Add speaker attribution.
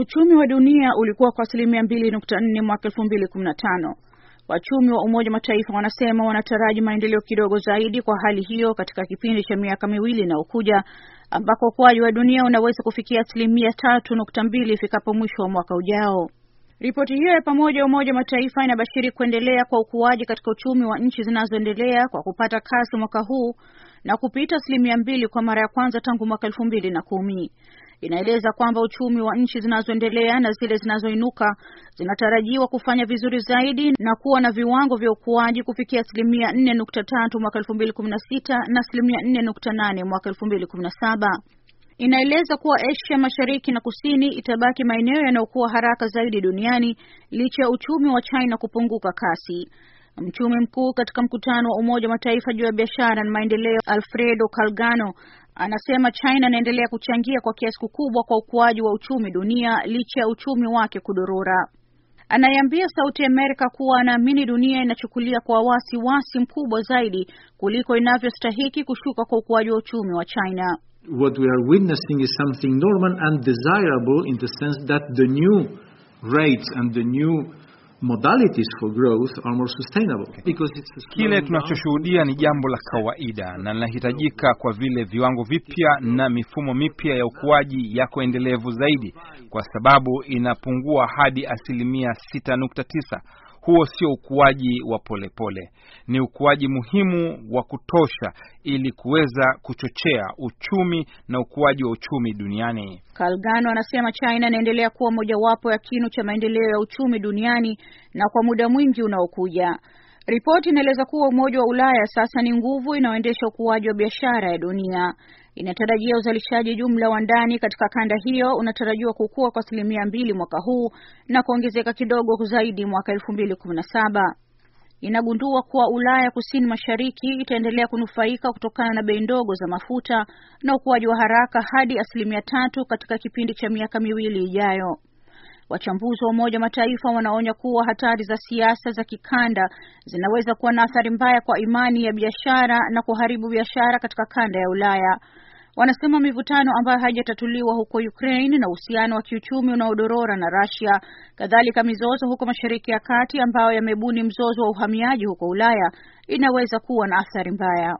Speaker 1: Uchumi wa dunia ulikuwa kwa asilimia mbili nukta nne mwaka elfu mbili kumi na tano. Wachumi wa Umoja Mataifa wanasema wanataraji maendeleo kidogo zaidi kwa hali hiyo katika kipindi cha miaka miwili ukuja, ambako ukuaji wa dunia unaweza kufikia asilimia tatu nukta mbili ifikapo mwisho wa mwaka ujao. Ripoti hiyo ya pamoja Umoja Mataifa inabashiri kuendelea kwa ukuaji katika uchumi wa nchi zinazoendelea kwa kupata kasi mwaka huu na kupita asilimia mbili kwa mara ya kwanza tangu mwaka elfu mbili na kumi inaeleza kwamba uchumi wa nchi zinazoendelea na zile zinazoinuka zinatarajiwa kufanya vizuri zaidi na kuwa na viwango vya ukuaji kufikia asilimia 4.3 mwaka 2016 na asilimia 4.8 mwaka 2017. Inaeleza kuwa Asia Mashariki na Kusini itabaki maeneo yanayokuwa haraka zaidi duniani licha ya uchumi wa China kupunguka kasi. Mchumi mkuu katika mkutano wa Umoja wa Mataifa juu ya biashara na maendeleo, Alfredo Calgano Anasema China inaendelea kuchangia kwa kiasi kikubwa kwa ukuaji wa uchumi dunia licha ya uchumi wake kudorora. Anaiambia Sauti Amerika kuwa anaamini dunia inachukulia kwa wasiwasi mkubwa zaidi kuliko inavyostahiki kushuka kwa ukuaji wa uchumi wa China.
Speaker 2: What we are witnessing is something normal and desirable in the sense that the new rates and the new modalities for growth are more sustainable because it's a kile tunachoshuhudia ni jambo la kawaida na linahitajika kwa vile viwango vipya na mifumo mipya ya ukuaji yako endelevu zaidi, kwa sababu inapungua hadi asilimia 6.9 huo sio ukuaji wa polepole pole. Ni ukuaji muhimu wa kutosha ili kuweza kuchochea uchumi na ukuaji wa uchumi duniani.
Speaker 1: Kalgano anasema China inaendelea kuwa mojawapo ya kinu cha maendeleo ya uchumi duniani na kwa muda mwingi unaokuja. Ripoti inaeleza kuwa Umoja wa Ulaya sasa ni nguvu inayoendesha ukuaji wa biashara ya dunia. Inatarajia uzalishaji jumla wa ndani katika kanda hiyo unatarajiwa kukua kwa asilimia mbili mwaka huu na kuongezeka kidogo zaidi mwaka elfu mbili kumi na saba. Inagundua kuwa Ulaya kusini mashariki itaendelea kunufaika kutokana na bei ndogo za mafuta na ukuaji wa haraka hadi asilimia tatu katika kipindi cha miaka miwili ijayo. Wachambuzi wa Umoja wa Mataifa wanaonya kuwa hatari za siasa za kikanda zinaweza kuwa na athari mbaya kwa imani ya biashara na kuharibu biashara katika kanda ya Ulaya. Wanasema mivutano ambayo haijatatuliwa huko Ukraine na uhusiano wa kiuchumi unaodorora na Russia, kadhalika mizozo huko Mashariki ya Kati ambayo yamebuni mzozo wa uhamiaji huko Ulaya inaweza kuwa na athari mbaya.